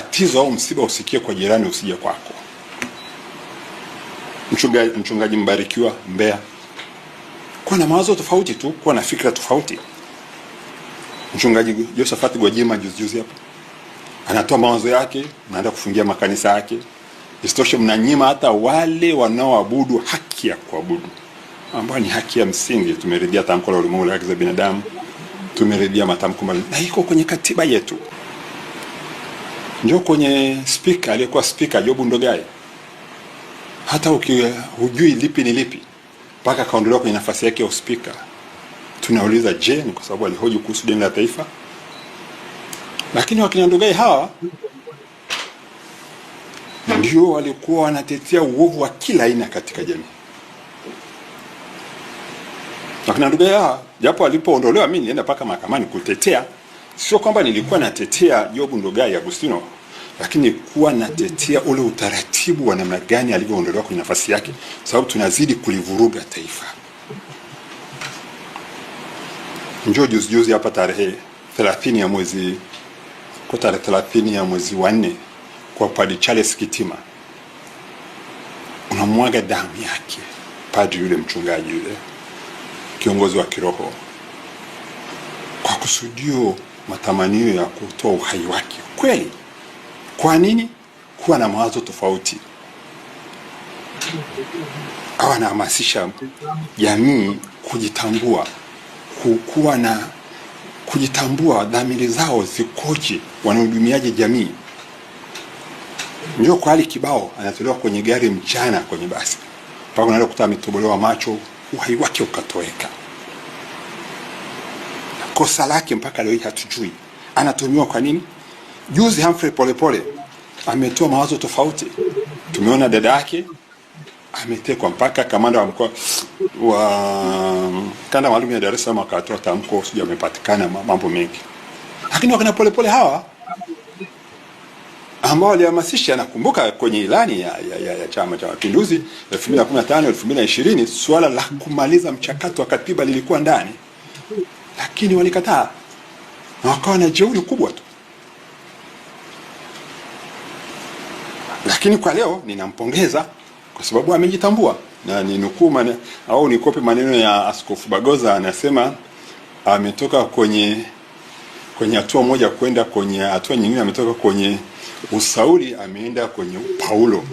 tatizo au msiba usikie kwa jirani, usije kwako. Mchungaji, mchungaji Mbarikiwa Mbeya, kuwa na mawazo tofauti tu, kuwa na fikra tofauti. Mchungaji Josephat Gwajima juzi juzi hapo anatoa mawazo yake, naenda kufungia makanisa yake. Isitoshe, mnanyima hata wale wanaoabudu haki ya kuabudu ambayo ni haki ya msingi. Tumeridhia tamko la ulimwengu la haki za binadamu, tumeridhia matamko mbalimbali na iko kwenye katiba yetu. Ndio kwenye spika aliyekuwa spika Jobu Ndogai, hata hujui lipi ni lipi, mpaka akaondolewa kwenye nafasi yake ya uspika. Tunauliza, je, ni kwa sababu alihoji kuhusu deni la taifa? Lakini wakina Ndogai hawa ndio walikuwa wanatetea uovu wa kila aina katika jamii. Wakina Ndogai hawa japo alipoondolewa, mimi nienda mpaka mahakamani kutetea sio kwamba nilikuwa natetea Job Ndugai Agustino, lakini kuwa natetea ule utaratibu wa namna gani alivyoondolewa kwenye nafasi yake, sababu tunazidi kulivuruga taifa. Njoo juzi juzi hapa tarehe 30 ya mwezi kwa tarehe 30 ya mwezi wa nne kwa Padre Charles Kitima unamwaga damu yake padri yule, mchungaji yule, kiongozi wa kiroho kwa kusudio matamanio ya kutoa uhai wake kweli. Kwa nini kuwa na mawazo tofauti? Awa anahamasisha jamii kujitambua, kukuwa na kujitambua, dhamiri zao zikoje, wanahudumiaje jamii. Ndio kwa hali kibao anatolewa kwenye gari mchana, kwenye basi mpaka unaweza kukuta ametobolewa macho, uhai wake ukatoweka kosa lake mpaka leo hii hatujui anatumiwa kwa nini. Juzi Humphrey Polepole ametoa mawazo tofauti, tumeona dada yake ametekwa mpaka kamanda wa mkoa wa kanda maalum ya Dar es Salaam akatoa tamko, sijui amepatikana, mambo mengi. Lakini wakina Polepole hawa ambao walihamasisha, nakumbuka kwenye ilani ya, ya, ya, ya Chama cha Mapinduzi 2015 2020 suala la kumaliza mchakato wa katiba lilikuwa ndani lakini walikataa na wakawa na jeuri kubwa tu. Lakini kwa leo ninampongeza kwa sababu amejitambua, na ninukuu au nikope maneno ya Askofu Bagoza, anasema ametoka kwenye kwenye hatua moja kwenda kwenye hatua nyingine, ametoka kwenye usauli ameenda kwenye Paulo.